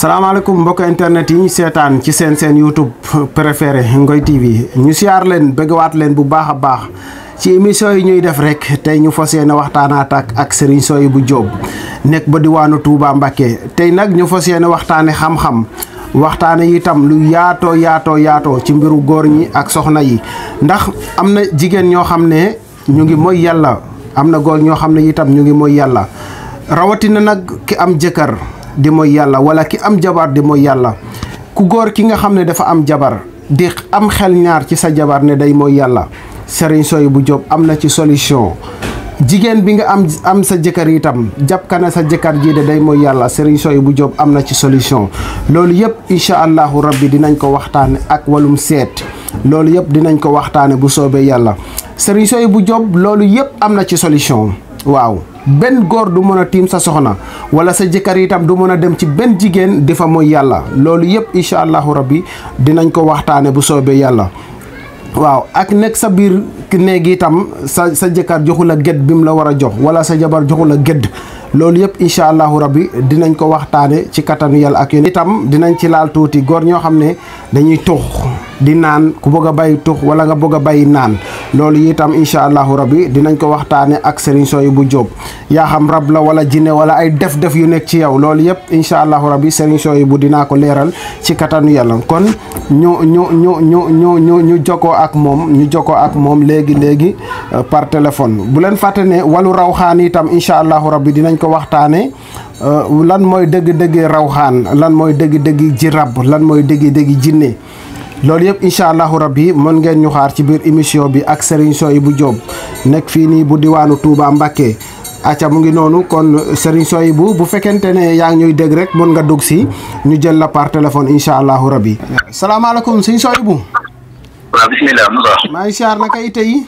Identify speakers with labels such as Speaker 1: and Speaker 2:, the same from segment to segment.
Speaker 1: salaamaaleykum mbokk internet yi ñu seetaan ci seen seen YouTube préféré Ngoy TV ñu siyaar leen bëggwaat leen bu baax a baax ci émission yi ñuy def rek tey ñu fas yéene waxtaanaat ak Serigne Souhaibou Diop nekk ba diwaanu Touba Mbacké tey nag ñu fas yéene waxtaane xam-xam waxtaane itam lu yaatoo yaatoo yaatoo ci mbiru góor ñi ak soxna yi ndax am na jigéen ñoo xam ne ñu ngi moy yàlla am na góor ñoo xam ne itam ñu ngi mooy yàlla rawatina nag ki am jëkkër di mooy yàlla wala ki am jabar di mooy yàlla ku góor ki nga xam ne dafa am jabar di am xel ñaar ci sa jabar ne day mooy yàlla Serigne Souhaibou Diop am na ci solution jigéen bi nga am am sa jëkkër itam jàpp ka sa jëkkër jii de day mooy yàlla Serigne Souhaibou Diop am na ci solution loolu yëpp incha allahu rabbi dinañ ko waxtaane ak walum seet loolu yëpp dinañ ko waxtaane bu soobee yàlla Serigne bu Diop loolu yëpp am na ci solution waaw benn góor du mën a tiim sa soxna wala sa jëkkër itam du mën a dem ci benn jigéen di fa mooy yàlla loolu yëpp incha allahu rabbi dinañ ko waxtaane bu soobee yàlla waaw ak nekk sa biir néeg itam sa sa jëkkër joxul a gedd bi mu la war a jox wala sa jabar joxul a gedd loolu yëpp incha allahu rabbi dinañ ko waxtaane ci katanu yàlla ak yéen itam dinañ ci laal tuuti góor ñoo xam ne dañuy tux di naan ku bëgg a bàyyi tux wala nga bëgg a bàyyi naan loolu itam incha Allah rabbi dinañ ko waxtaane ak sëriñ soyu bu jóob yaa xam rab la wala jinne wala ay def-def yu nekk ci yow loolu yëpp incha rabbi sëriñ soyu bu dinaa ko leeral ci katanu yàlla kon ñu ñu ñu ñu ñu ñu ñu jokkoo ak moom ñu jokkoo ak moom léegi léegi euh, par téléphone bu leen fàtte ne walu rawxaan itam incha allahu rabbi dinañ ko ko waxtaanee euh, lan mooy dëgg-dëgg rawxaan lan mooy dëgg-dëgg ji rab lan mooy dégg dégg jinne loolu yëpp incha allahu yi mën ngeen ñu xaar ci biir émission bi ak Serigne bu Diop nekk fii nii bu diwaanu tuubaa Mbacké acca mu ngi noonu kon Serigne Souhaibou bu fekkente ne yaa ngi ñuy dégg rek mën nga dugg si ñu jël la par téléphone incha allahu rabbi salaamaaleykum Serigne Souhaibou. waaw bisimilah Moussa. maa siyaar naka ite yi.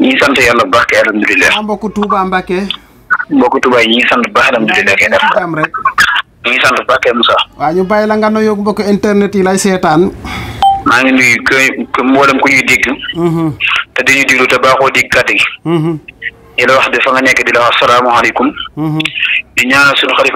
Speaker 1: ñu ngi yàlla bu baax kay alhamdulilah. mbokku Touba Mbacké.
Speaker 2: mbokk tubaay ñi ngi sant bu baax alhamdulilah kay def am rek ñi sant baax kay ñu
Speaker 1: la nga internet yi lay seetaan
Speaker 2: maa ngi nuyu ko mboolem ku ñuy dégg te dañuy diglu te baaxoo dégg kàddu gi di la wax de fa nga nekk di la wax salaamaaleykum di ñaanal suñu suñu di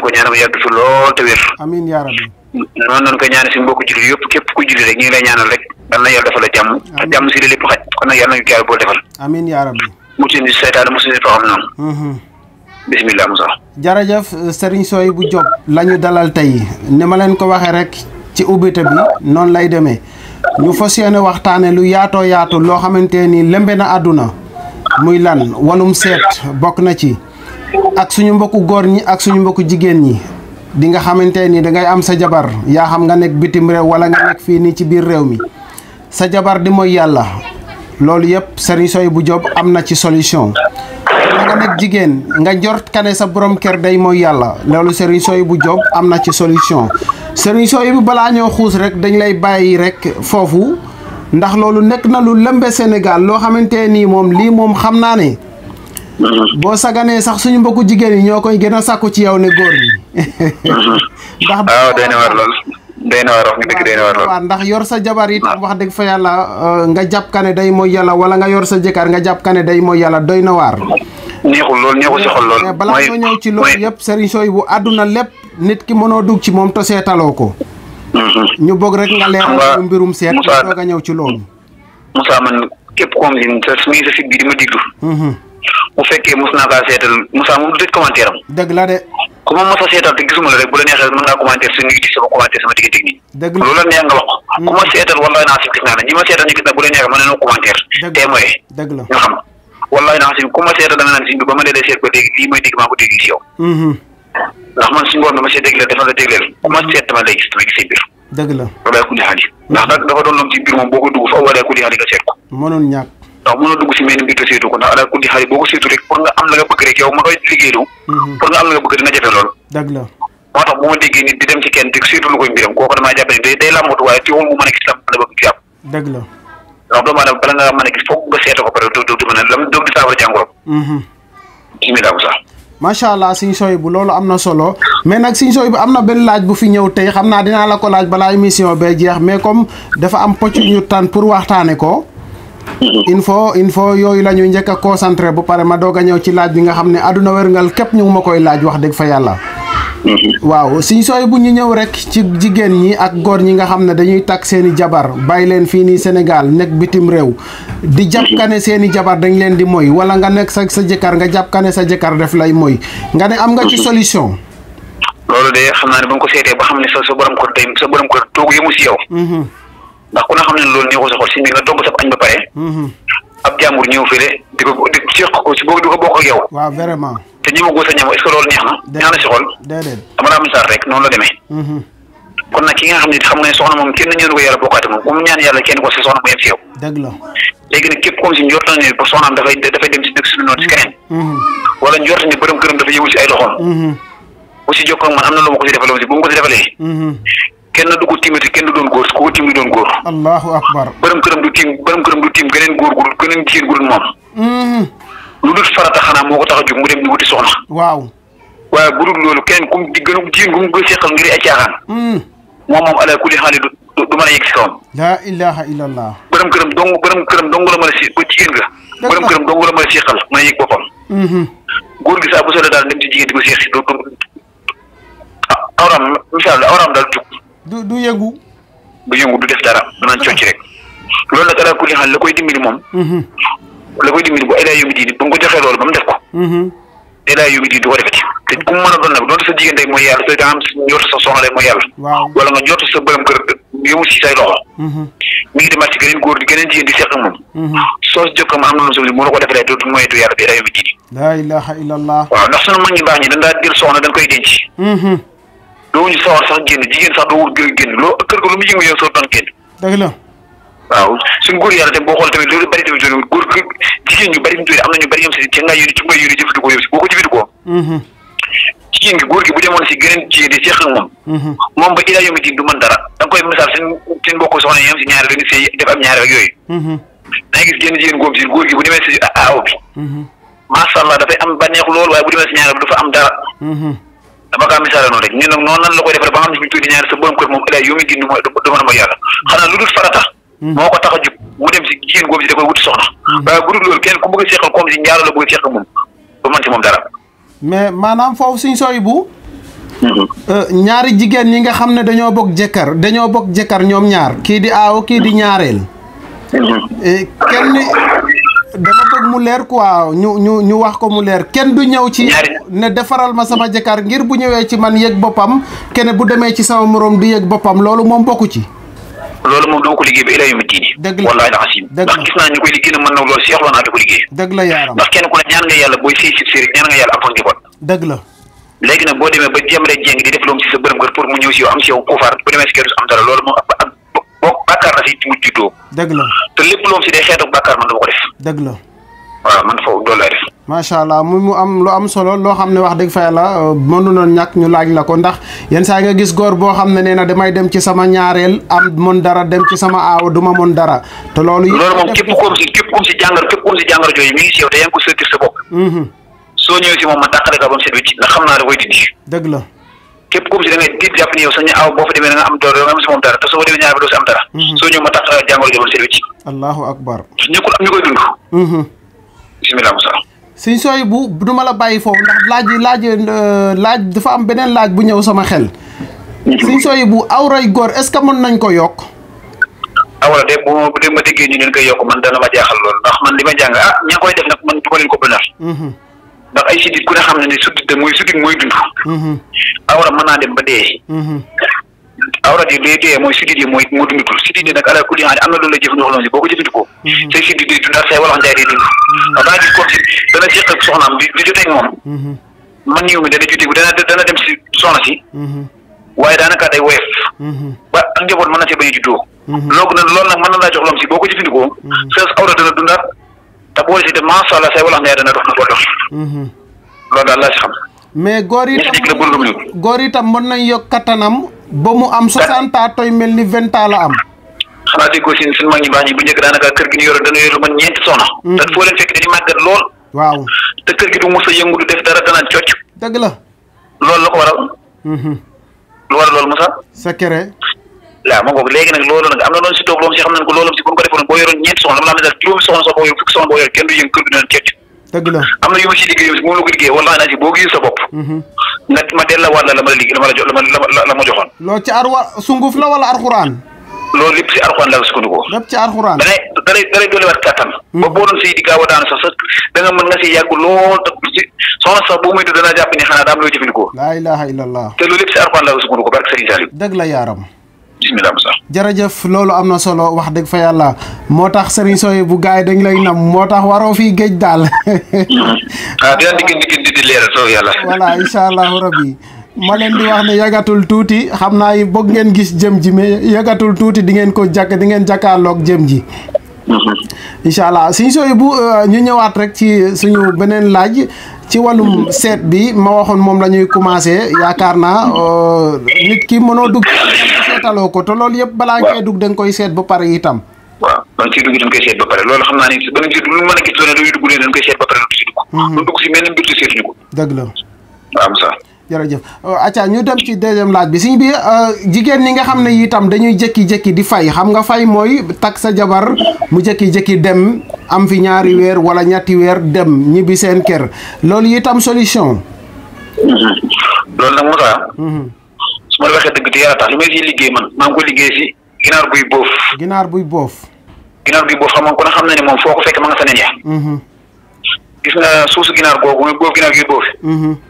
Speaker 2: ko ñaanal te
Speaker 1: amin ya rabbi
Speaker 2: noonu noonu ko ñaanal suñu mbokk julli yëpp képp ku julli rek ñu lay ñaanal rek dal na yàlla defal la jàmm si xaj kon defal
Speaker 1: amin ya rabbi
Speaker 2: mucc ni seytaane
Speaker 1: bu jot too lañu dalal tey ni ma leen ko waxee rek ci ubbite bi noonu lay demee ñu fas yéene waxtaane lu yaatoo yaatu loo xamante ni lëmbe na àdduna muy lan walum seet bokk na ci ak suñu mbokku góor ñi ak suñu mbokku jigéen ñi di nga xamante ni dangay am sa jabar yaa xam nga nekk bitim réew wala nga nekk fii nii ci biir réew mi sa jabar di mooy yàlla loolu yëpp Serigne bu Diop am na ci solution nga nekk jigéen nga njort kane sa borom kër day mooy yàlla loolu Serigne bu Diop am na ci solution Serigne Souhaibou balaa ñoo xuus rek dañ lay bàyyi rek foofu ndax loolu nekk na lu lëmbe Sénégal loo xamante nii moom lii moom xam naa ne boo saganee sax suñu mbokku jigéen yi ñoo koy gën a sàkku ci yow ne góor ñi.
Speaker 2: day na war wax nga dëgg day na war lool ndax
Speaker 1: yor sa jabar it wax dëgg fa yàlla euh, nga jàpp ka ne day mooy yàlla wala nga yor sa jëkkër nga jàpp ka ne day mooy yàlla doy na neexul lool neexul si xol lool balaa ñoo ñëw ci loolu yëpp sëriñ sooy bu àdduna lépp nit ki mënoo dugg ci moom to seetaloo ko mhm. ñu bëgg rek nga leeral mbirum seet doog a ñëw ci loolu
Speaker 2: Moussa man képp koom li sa mi sa sit bi di ma diglu mhm. bu fekkee mos naa kaa seetal Moussa moom commentaire
Speaker 1: am la de
Speaker 2: ku ma mos a seetal te gisuma la rek bu la neexee mën ngaa commenter suñu ngi gis sama commenter sama digg technique loolu hmm. la nga wax ku seetal wallahi na bu la naan si bi ba ma deedee seet ba léegi lii dégg maa dégg si yow hmm. ndax man suñu borom dama see dafa la dégleel ku ma seet dama lay gis dama mbir dëgg la walaay ku li xaali ndax dafa doon lom ci mbir moom boo ko dugg fa walaay ku li xaali nga seet ko
Speaker 1: mënul ñàkk
Speaker 2: donc mëno dugg ci benn mbir te ko ndax ala kulli xaali boo ko seetu rek pour nga am la nga bëgg rek yow ma koy liggéeylu pour mhm. nga am la nga bëgg dina jafe lool dëgg la moo tax bu ma déggee nit di dem ci kenn te seetu lu koy mbiram kooku damaa jàpp day day làmbatu waaye teewul mu mën a gis lam la bëgg
Speaker 1: jàpp dëgg la
Speaker 2: donc doomu aadama bala nga mën a gis foog nga seetu ko pare du du mën a lam doog di saafara jàngoro bu sax
Speaker 1: macha allah siñ soy bu loolu am na solo mais nag siñ soy bu am na benn laaj bu fi ñëw tey xam naa dinaa la ko laaj balaa émission bee jeex mais comme dafa am pocc ñu tànn pour waxtaane ko Mhm. info info yooyu la ñuy njëkk a concentré bu pare ma doog a ñëw ci laaj bi nga xam ne àdduna wérngal képp ñu ma koy laaj wax dëgg fa yàlla. Mhm. waaw suñ sooy bu ñu ñëw rek ci jigéen ñi ak góor ñi nga xam ne dañuy takk seen i jabar bàyyi leen fii nii Sénégal nekk bitim réew. di jàppkane mhm. ne seeni jabar dañ leen di moy wala nga nekk sa sa jëkkër nga jàppkane sa jëkkër def lay moy nga ne am nga ci solution.
Speaker 2: loolu de xam naa ne ba nga ko seetee ba xam ne sa sa borom ndax ku na xam ne loolu neexu sa xol si bi nga togg sab añ ba pare mhm. ab jàmbur ñëw fële di ko di seq ko si boobu di ko bokk ak yow
Speaker 1: waaw vraiment
Speaker 2: te ñëwagoo sa ñam est-ce que loolu neex na ñaa mhm. na xam ne xam nga ne soxna moom kenn ñëw ko yàlla bokkaate moom ku mu kenn ko si soxna mu yem si yow dëgg la léegi nag képp comme si ne ba soxnaam dafay dafay dem mhm. dafa yëngu si ay loxoom bu si man am na lu ma ko si defaloon si bu ma si defalee kenn du ko timati kenn doon góor ku ko timi doon góor
Speaker 1: allahu akbar
Speaker 2: borom këram du tim borom këram du tim geneen góor gu geneen jigéen gu mom hmm lu dul farata xana moko ko tax a mu dem ni wuti soxna waw waaye bu dul lolu keneen kum di gënu jigéen gum ko gën seqal ngir ay hmm mom mom ala kulli xaali du du mën a yegg
Speaker 1: la ilaha illa allah
Speaker 2: borom këram dong borom këram dong la mën ci ko ba jigéen nga borom këram dong la mën a seqal mën a yegg hmm góor gi sa bu solo dal dem ci jigéen di ko seex do ko ah, awram misal awram dal ci du du yëngu. du yëngu du def dara danaan cocc rek loolu nag alaa kulli xaal la koy dimbali moom. Mhm. la koy dimbali bu ay yombi diini ba mu ko joxee loolu ba mu def ko. ilaa mhm. yawmi diin du ko defati te ku mu mën a doon nag da am njort sa soxna rek mooy yàlla wala nga njort sa borom kër yomu si say loxo mhm. mi ngi demaat ci geneen góor di geneen jigéen di seq moom soo jokkam am na lu sobi mu la ko defalee dootu moyetu yàlla bi ilaa yawmi diin
Speaker 1: laa ilaaha illallah
Speaker 2: waaw ndax sunu ñi baax ñi dañ jël soxna dañ koy
Speaker 1: denc
Speaker 2: doo ñu sawar sax génn jigéen sax doo wut gën génn loo kër ko lu mu yëngu yow soo doon génn. dëgg la. waaw suñu góor yàlla tamit boo xool tamit loolu bëri tamit doon góor jigéen ñu bëri ñu doon am na ñu bëri ñoom si ci nga yónni ci nga yónni jëfandikoo yow si boo mm-hmm. bu mm-hmm. da nga koy misaal seen seen mbokk soxna yi am si mm-hmm. da ngay gis génn demee si aaw bi. macha allah dafay am bànneex waaye bu demee si ñaari bi dafa am dara. dama kaa misaale noonu rek noonu nan la koy defee ba nga xam ne suñu tuuti ñaari sa borom kër moom ëllëg yu ma du mën a ma yàlla xanaa lu hmm. ko tax a jub mu dem si jigéen góob si da koy wuti soxna hmm. waaye bu dul loolu kenn ku bëgg a seqal comme si njaaro la bëgg a seqal moom du mën si moom dara
Speaker 1: mais maanaam foofu suñ sooy bu hmm. euh, ñaari jigéen ñi nga xam ne dañoo bokk jëkkër dañoo bokk jëkkër ñoom ñaar kii di aaw kii di ñaareel kenn dama bëgg mu leer quoi ñu ñu ñu wax ko mu leer kenn du ñëw ci ne defaral ma sama jëkkër ngir bu ñëwee ci man yëg boppam kene bu demee ci sama morom du yëg boppam loolu moom bokku ci
Speaker 2: loolu moom dama ko liggéey ba ila yu diine wallahi la xasim ndax gis naa ñu koy liggéey na man na loolu seexloo naa di ko liggéey dëgg la yaaram ndax kenn ku ne ñaan nga yàlla booy sëy sib sëriñ ñaan nga yàlla am fa njaboot dëgg la léegi nag boo demee ba jëm rek jéng di def loom si sa bërëm gër pour mu ñëw si yow am si yow kuufaar bu demee si kër am dara loolu moom ak bokk bàkkaar na si mujj juddoo. dëgg la te lépp loo si dee xeetu bàkkaar man dama ko def. dëgg la. waaw man foofu doole def.
Speaker 1: macha allah mu mu am lu am solo loo xam ne wax dëgg fa yàlla euh, mënuloon ñàkk ñu laaj la ko ndax yenn saa nga gis góor boo xam ne nee na damay dem ci sama ñaareel am mën dara dem ci sama aaw du ma mën dara. te loolu yëpp loolu moom
Speaker 2: képp koom si képp koom si jàngar képp koom si jàngar jooju mi ngi si yow te yaa
Speaker 1: ngi sa bopp. Mm-hmm.
Speaker 2: soo ñëwee si moom man dàqale ko ba naa da koy dindi. dëgg kep ku ci da ngay dit japp ni yow sañ aw bo fa demé nga am doole nga am si moom dara te soo demé ñaar bi am dara So ñu ma tax jàngoro ci service
Speaker 1: allahu akbar
Speaker 2: ñëkkul am ñu koy dund bismillah musa
Speaker 1: sëñ soy bu du ma la bàyyi foofu ndax laaj laaj eh, laaj dafa am benen laaj bu ñew sama xel sëñ soy bu awray gor est ce que mën nañ ko yok
Speaker 2: awra de bu ma de ma degge ñu leen koy yok man dana ma jaxal lool ndax man lima jang ah ña koy def nak man ko leen ko hmm ndax ay sidit ku ne xam ne ne sutite mooy mooy dund mhm. awra mën naa dem ba dee mhm. awra di day dee mooy mooy moo dundatul sidit yi mhm. dund ak say walax njaay ndax daa gis comme si dana séq ak soxnaam di di joteeg moom man niw mi dana joteeg dana dana dem si soxna si waaye daanaka day woyof ba ak njaboot mën na see a juddoo loolu nag loolu nag na laa jox lom si boo ko jëfandikoo sa awra dana dundaat te boo si dem macha allah say walax ne na ko dox. Mhm. loolu daal laa si xam.
Speaker 1: mais góor yi tam góor yi tam mën nañ yokk kattanam ba mu am. 60 ans tooy mel ni 20 ans la am.
Speaker 2: xanaa déggoo si suñu mag ñi baax ñi bu njëkk daanaka kër gi ñu yore dana yore lu mën ñeenti soxna. Mhm. te foo leen fekk dañuy màggat lool. waaw te kër gi du mos a yëngu du def dara danaan cocc. dëgg la. loolu la ko waral. Mhm. lu waral loolu sa secret. waaw ma ngoog léegi nag loolu nag am na loolu si toog loolu si xam nañ ko loolu si bu ñu ko defoon boo yoroon ñeenti soxna dama laa ne daal juróomi soxna sax boo yor ko mhm. la mhm. a
Speaker 1: ilaaha illallah
Speaker 2: te loolu lépp si arxuraan laa ko sukkandikoo barke Sëriñ Saliou
Speaker 1: dëgg bisimilah jërëjëf loolu am na solo wax dëgg fa yàlla moo tax sëriñ sooy bu gars yi dañ lay nam moo tax waroo fii géej daal.
Speaker 2: ah di gën di gën di
Speaker 1: allahu rabbi ma leen di wax ne yàggatul tuuti xam naa yi bëgg ngeen gis jëm ji mais yàggatul tuuti di ngeen ko jàkk di ngeen jàkkaarloog jëm ji. Mm-hmm. incha allah suñ sooy bu euh, ñu ñëwaat rek ci suñu beneen laaj ci wàllum seet bi ma waxoon moom la ñuy commencé yaakaar naa euh, nit ki mënoo dugg seetaloo ko te loolu yëpp balaa ngay dugg da nga koy seet ba pare itam
Speaker 2: waaw loolu xam naa ni danañ si lu mën a gis doone dañuy dugg ne dañ koy seet ba pare du mm-hmm. si dugg du dugg ko
Speaker 1: dëgg la jërëjëf euh, acca ñu dem ci deuxième laaj bi siñ bi euh, jigéen ñi nga xam ne itam dañuy jekki jekki di fay xam nga fay mooy tak sa jabar mu jekki jekki dem am fi ñaari weer wala ñetti weer dem bi seen kër loolu itam solution
Speaker 2: mhm. loolu nag Moussa mhm. su ma waxee dëgg di yàlla tax li may si liggéey man maa ngi ko liggéey si ginaar buy boof ginaar buy boof ginaar buy boof xam nga ko ne xam na ne moom foo ko fekk ma nga sa nen ya mhm. gis nga suusu ginaar googu muy boof ginaar guy boof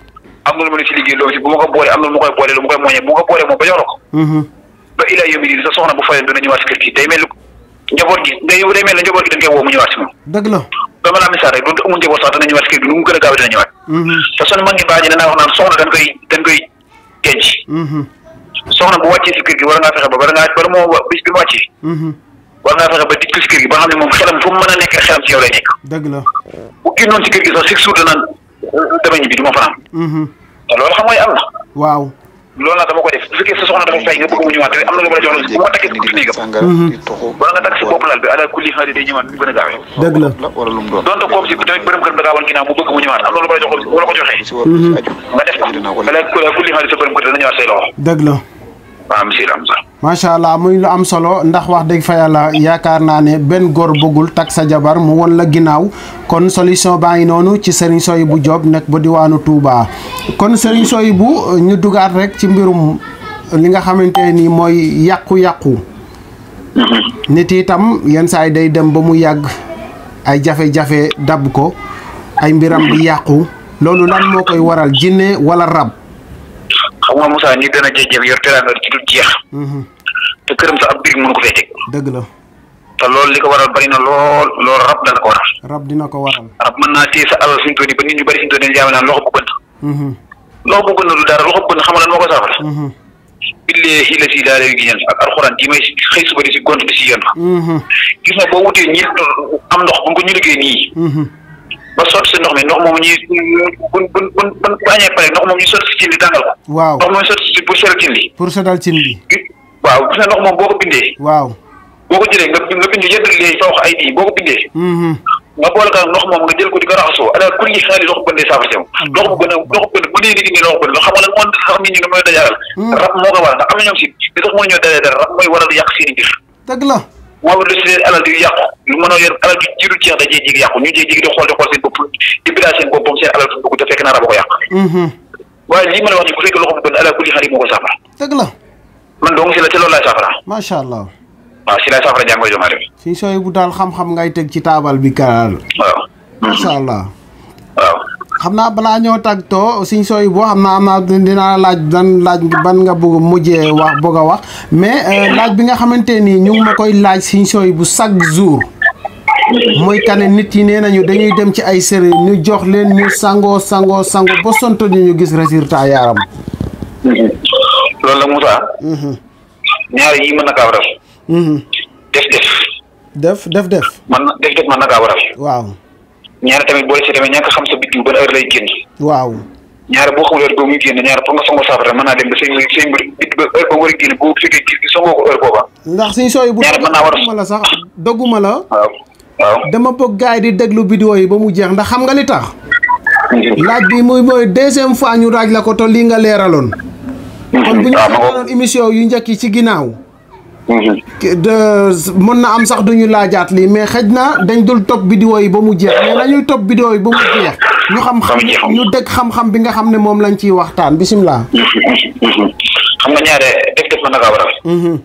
Speaker 2: am na lu ma la ci liggéey loolu ci bu ma ko boolee am na lu ma koy mooñee bu ma ko boolee moom ba jox la ko mm-hmm. ba ilaa yóbbi di sa soxna bu fayee dina si kër gi day a mm-hmm. mm-hmm. soxna bu wàccee si kër gi war ngaa fexe ba bara ngaa bara moo bis bi mu wàccee ba dij si kër gi ba xam ne moom xelam fu mu a nekk xelam si yow lay nekk dëgg la bu génnoon si kër gi sax six jours danaan dama ñibbi du ma fa am. Mhm. loolu xam nga am waaw loolu nag dama ko def bu fekkee sa soxna dafa fay nga bëgg mu ñëwaat te am na lu ma la jox loolu mhm. nga takk si laal bi ala kulli xaali day ñëwaat bu gën a gaawee. dëgg la donte kooku si tamit bëgg mu ñëwaat am na lu ma la jox loolu ko joxee. Mhm. nga def ko ala kulli xaali sa bërëm kër ñëwaat say loxo. dëgg la. am si
Speaker 1: macha allah muy lu am solo ndax wax dëgg fa yàlla yaakaar naa ne benn góor bëggul takk sa jabar mu won la ginnaaw kon solution baa ngi noonu ci Serigne bu Diop nekk ba diwaanu Touba. kon Serigne bu ñu dugaat rek ci mbirum li nga xamante ni mooy yàqu-yàqu. Mm-hmm. nit itam yenn saa yi day dem ba mu yàgg ay jafe-jafe dab ko ay mbiram bi yàqu loolu lan moo koy waral jinne wala ràbb
Speaker 2: xam nga Moussa ni dana jëf yor teraanga ci du jeex. Mhm. te këram sax ab birig mënu ko fee teg. dëgg la. te loolu li ko waral bari na lool lool rab dana ko waral.
Speaker 1: rab dina ko waral.
Speaker 2: rab man naa téye sa alal suñu tool yi ba nit ñu bari suñu tool yi dañu jaam naan loxo bu gën. Mhm. loxo bu gën loxo bu gën xam nga lan moo ko saafara. Mhm. billaahi la si daal gi ñaan ak alxuraan ji may xëy suba di si gont di si yendu. gis nga boo wutee ñi am ndox bu ko ñu liggéey nii. ba sotti si ndox mi ndox moomu ñuy buñ buñ buñ buñ bañee pare ndox moomu ñu sotti si cin li tàngal ko. waaw ndox moomu sotti si pour setal cin li.
Speaker 1: pour setal cin li.
Speaker 2: moom boo ko bindee. waaw boo ko jëlee nga nga bind yëpp léegi fa wax ay di boo ko bindee. Mm-hmm. nga boole ko ndox moom nga jël ko di ko raxasoo ala kulli xaali ndox bëndee saafara jëm ndox bu gën a mm-hmm. ndox bu gën a bu nee nit ñi ndox bu gën xam nga moo sax nit ñi mooy mm-hmm. rab moo ko waral ndax am na ñoom si li mooy ñoo dalee dara rab mooy waral yàq seen i mbir wala lu si leen alal di yàqu lu mën a yor alal ju jiru jeex da cee jig yàqu ñu cee jig di xool di xool seen bopp di bidaa seen bopp seen alal fu dugg mhm. xarit moo ko saafara dëgg la man dong si la ci loolu laay saafara macha allah waaw si laay saafara jàngooy doomu aadama
Speaker 1: si sooy bu daal xam-xam ngay teg ci taabal bi kaal waaw macha allah waaw xam naa balaa ñoo tàggatoo suñ sooy boo xam naa am naa dinaa laaj dan laaj ban nga bëgg mujjee wax bëgg a wax mais euh, laaj bi nga xamante nii ñu ma koy laaj suñ sooy bu chaque jour mooy kane nit yi nee nañu dañuy dem ci ay sëriñ ñu jox leen ñu sangoo sangoo sangoo ba sonto ñu gis résultat yaaram
Speaker 2: loolu la Moussa mhm. ñaari yi mën na kaa waral mhm. def def def def def man def def mën na kaa waral waaw ñaar tamit boo si demee ñàkk xam sa biddiw ban heure lay génn waaw ñaar boo xamul heure boobu muy génn ñaar pour nga songo saafara mën naa dem ba seen seen bit ba heure ba war a génn boo fekkee gis gi songoo ko heure booba
Speaker 1: ndax suñ sooy bu dogguma la sax dogguma la waaw waaw dama bëgg gaay di déglu vidéo yi ba mu jeex ndax xam nga li tax laaj bi muy mooy deuxième fois ñu raaj la ko to li nga leeraloon hmm, kon bu ñu seetaanoon émission yu njëkk yi ci ginnaaw Mhm. mën na am sax duñu laajaat lii mais xëj na dañ dul top vidéo yi ba mu jeex mais dañuy topp vidéo yi ba mu jeex ñu xam xam ñu dégg xam-xam bi nga xam ne moom lañ ciy waxtaan bisimilah.
Speaker 2: Mhm. xam nga ñaare def def mën na kaa waral. Mhm.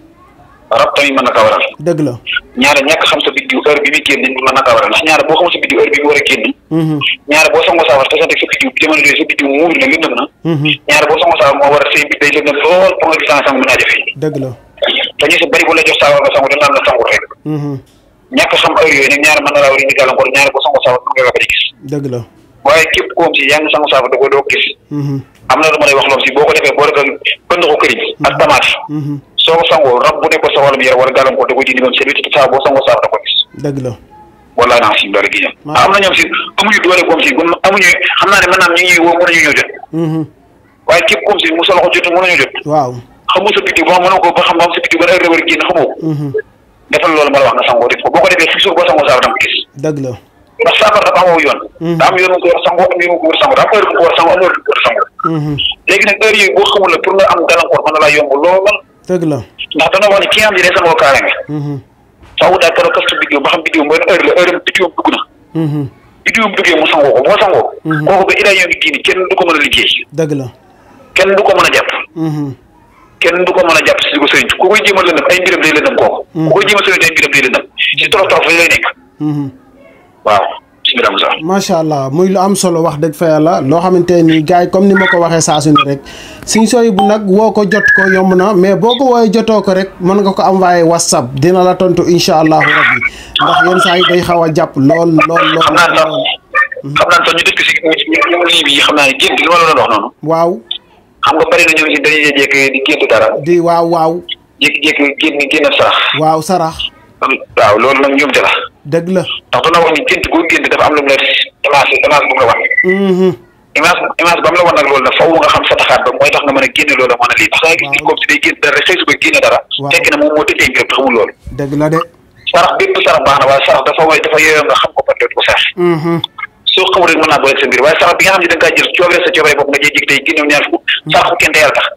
Speaker 2: rab tamit mën na kaa waral. dëgg la ñaare ñàkk xam sa biddiw heure bi muy génn mën na kaa waral ndax ñaare boo xam sa biddiw heure bi bi war a génn. ñaare boo sangoo saafara tasante sa biddiw jamono yooyu sa muur na lëndëm na. ñaare boo moo war a day lëndëm lool pour nga gis sang sang mën naa jafe. dëgg la. dañu si bëri bu la jox saawar nga sangu dañ naan la sangu rek. Mhm. ñàkk xam heure yooyu nag ñaar mën na laa war a indi ñaar mhm. mhm. bu sangu saawar da ko sa da koy gis. dëgg la. wala naa si doole gi ñoom. am na ñoom si amuñu doole koom si amuñu xam naa ne mën naa ñu ñuy woo mën nañu ñëw jot. waaye képp koom si mu sa loxo jot mën nañu jot. waaw xamoo sa biddiw ba mënoo ko ba xam ba sa biddiw ba ay rëwër génn xamoo ko mhm. defal ko boo ko defee si suuf boo sangoo saafara da nga ko gis dëgg la ndax saafara da mhm. am yoon mu ko war sangoo am yoon mu ko war sangoo da mhm. boo xamul na laa xam ne day sangoo kaara nga faaw daal keroog kas biddiw ba xam biddiw sangoo ko boo sangoo kooku ba ilaa yoon bi diini kenn du ko mën a liggéey dëgg kenn du ko man a jàpp kenn du ko mën a jàpp si ko sëriñ ku koy jéem a lëndam ay mbiram day lëndam kooku. ku koy jéem a sëriñ ay mbiram day lëndam si torof torof lay nekk. waaw
Speaker 1: si allah muy lu am solo wax dëgg fa loo xamante ni gars yi comme ni ma ko waxee saa su ne rek suñ sooy bu nag woo ko jot ko yomb na mais boo ko woowee jotoo ko rek mën nga ko am envoyé whatsapp dina la tontu incha allahu rabbi ndax yenn saa yi day xaw a jàpp lool lool lool. xam
Speaker 2: naa waaw. xam nga bëri na ñoom si dañuy jékki di génn dara. di waaw waaw. jékki-jékki génn génn sarax. waaw sarax. waaw loolu nag ñoom la. dëgg la ndax du la wax ni gént goo gént dafa am lu mu la image image bu mu la wan. Mm-hmm. image image ba mu la wan nag loolu nag faaw nga xam sa taxaat ba mooy tax nga mën a génne loola mën a lii. waaw ndax da ngay gis nit comme si day génn dara rek xëy suba génne dara. waaw fekk na moom moo tëddee mbiram taxawul loolu. dëgg la de. sarax bépp sarax baax na waaye sarax dafa way dafa yooyoo nga xam ko ba doot ko sarax. Mm-hmm. soo xamul rek mën naa booleeg sa mbir waaye sarax bi nga xam ne da nga kaa jël coobare sa coobare bopp nga jël jig tey génnew ñaar fukk sarax bu kenn te yàlla tax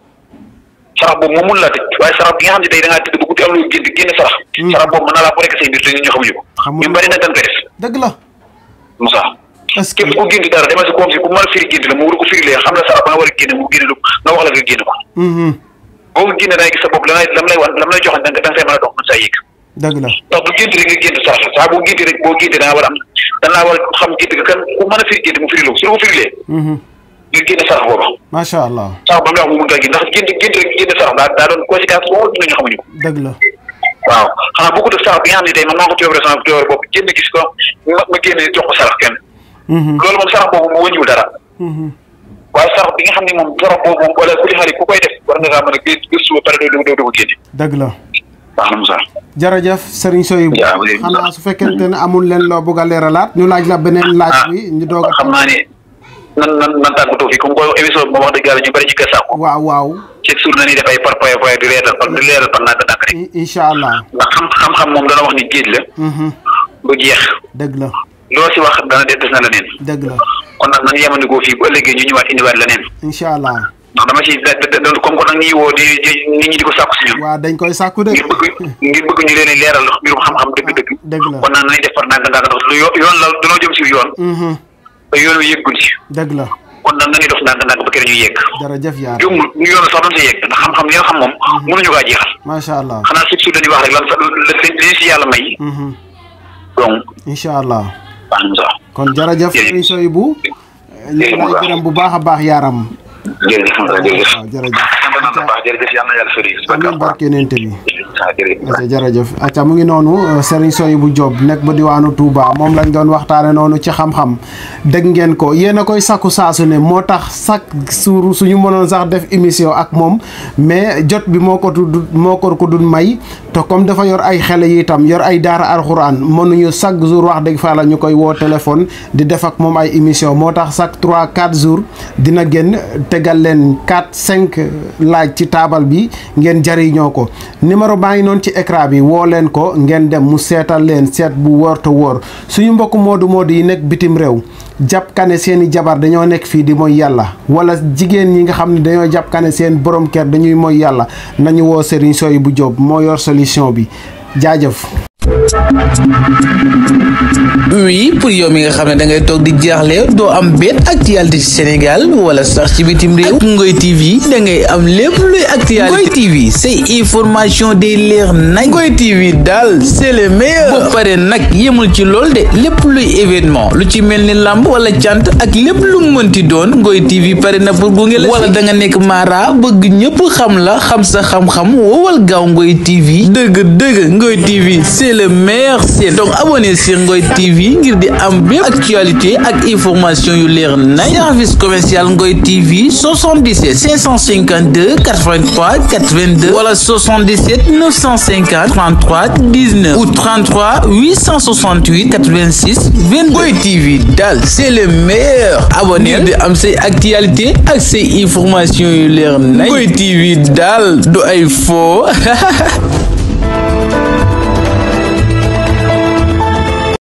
Speaker 2: sarax boobu moom mun laa tëj waaye sarax bi nga xam ne tey da ngaa tëdd bu guddi am lu génn génn sarax hmm. sarax boobu mën naa laa booleeg say mbir te ñun ñu xamuñu ko ñu bari nag la Moussa képp a firi la xam la sarax ba a la nga hmm. la lam lay wan lam a dox mën saa yëg dëgg sarax saa bu génn rek boo génn a danaa war a xam gétt gi kan ku mën a firi gétt mu firi la ko su ko firilee. Mhm. nga génne sarax booba. macha allah sarax boobu mu mënut a génn ndax ko. dëgg la. waaw xanaa bokkut ak sarax bi nga xam ne man maa ngi ko toobaree sama toobar bopp génn gis ko ma ma génne jox mhm. sarax boobu mu wëññiwul dara. Mhm. sarax bi nga xam ne moom sarax boobu moom wala ku xale ku koy def war nga kaa a gëstu baax na Moussa.
Speaker 1: jërëjëf Serigne Soyibou. jërëjëf xanaa su fekkente ne amul leen loo bugga a leeralaat ñu laaj la beneen ah, laaj bi. ñu doog a xam
Speaker 2: naa ne. nan nan nan tàggatoo fi comme que émission bi moom wax dëgg yàlla ñu bëri ci kër ko waaw waaw. ceeb suur na ni dafay par par par di leeral par di leeral par naka
Speaker 1: naka allah ndax xam
Speaker 2: xam-xam moom dana wax ni géej la. Mm-hmm. bu jeex. dëgg la loo ci wax dana des na leneen. dëgg la kon nag nan yemandikoo fii bu ëllëgee ñu ñëwaat indiwaat leneen.
Speaker 1: incha allah.
Speaker 2: ndax dama ci comme ko nag ñuy woo di nit ñi di ko sàkku ah, mhm. ya. mhm. si ñoom
Speaker 1: waaw dañ koy sàkku dëgg ngir
Speaker 2: bëgg ngir bëgg ñu leen leeral mbirum xam-xam dëgg dëgg dëgg la kon naan nañ defar ndànk ndànk ndax lu yoon la danoo jëm si yoon te yoon wi yëggul si dëgg la kon nag nañuy def ndànk ndànk ba kër ñu yegg dara jëf yaa ya. jëm ñu yoon ya, sax doon sa yegg ndax xam-xam li nga xam moom mënuñu kaa jeexal macha allah xanaa sib sib dañuy wax rek lan li si yàlla may donc
Speaker 1: incha allah kon jërëjëf émission yi bu
Speaker 2: lay gërëm
Speaker 1: bu baax baax yaaram
Speaker 2: jërëjëf jërëjëf sant naa la baax jërëjëf yàlla na yàlla sori. amiin barke
Speaker 1: nente bi jërëjëf acca mu ngi noonu euh, Serigne Soyibou Diop nekk ba diwaanu Touba moom lañ doon waxtaane noonu ci xam-xam dégg ngeen ko yéen a koy sakku saasu ne moo tax chaque su ñu mënoon sax def émission ak moom mais jot bi moo ko du moo ko ko dun may te comme dafa yor ay xele yi itam yor ay daara alxuraan mënuñu chaque jour wax dëgg fa la ñu koy woo téléphone di def ak moom ay émission moo tax chaque trois quatre jours dina génn tegal leen quatre cinq laaj ci taabal bi ngeen jëriñoo ko numéro baa ngi noonu ci écran bi woo leen ko ngeen dem mu seetal leen seet bu wóor te wóor suñu mbokk moodu moodu yi nekk bitim réew jàppkane seeni jabar dañoo nekk fii di mooy yàlla wala jigéen ñi nga xam ne dañoo jàppkane seen borom kër dañuy mooy yàlla nañu woo Serigne Souhaibou Diop moo yor solution bi jaajëf
Speaker 3: oui pour yow mi nga xam ne da ngay toog di jaaxle doo am benn actualité ci Sénégal wala sax ci bitim réew Ngoy TV da ngay am lépp luy actualité Ngoy TV say information day nañ Ngoy TV daal c'est le meilleur pare nag yemul ci lool de lépp luy événement lu ci mel ni làmb wala cant ak lépp lu mënti doon Ngoy TV pare na pour gunge la wala nekk mara bëgg ñëpp xam la xam sa xam-xam wowal gaaw Ngoy TV dëgg dëgg Ngoy TV le meilleur c'est donc abonné sur Ngoy TV ngir di actualité ak information yu leer service commercial Ngoy TV 77 552 83 82 Voilà 77 950 33 19 ou 33 868 86 22 TV c'est le meilleur abonné di am say actualité ak information yu leer TV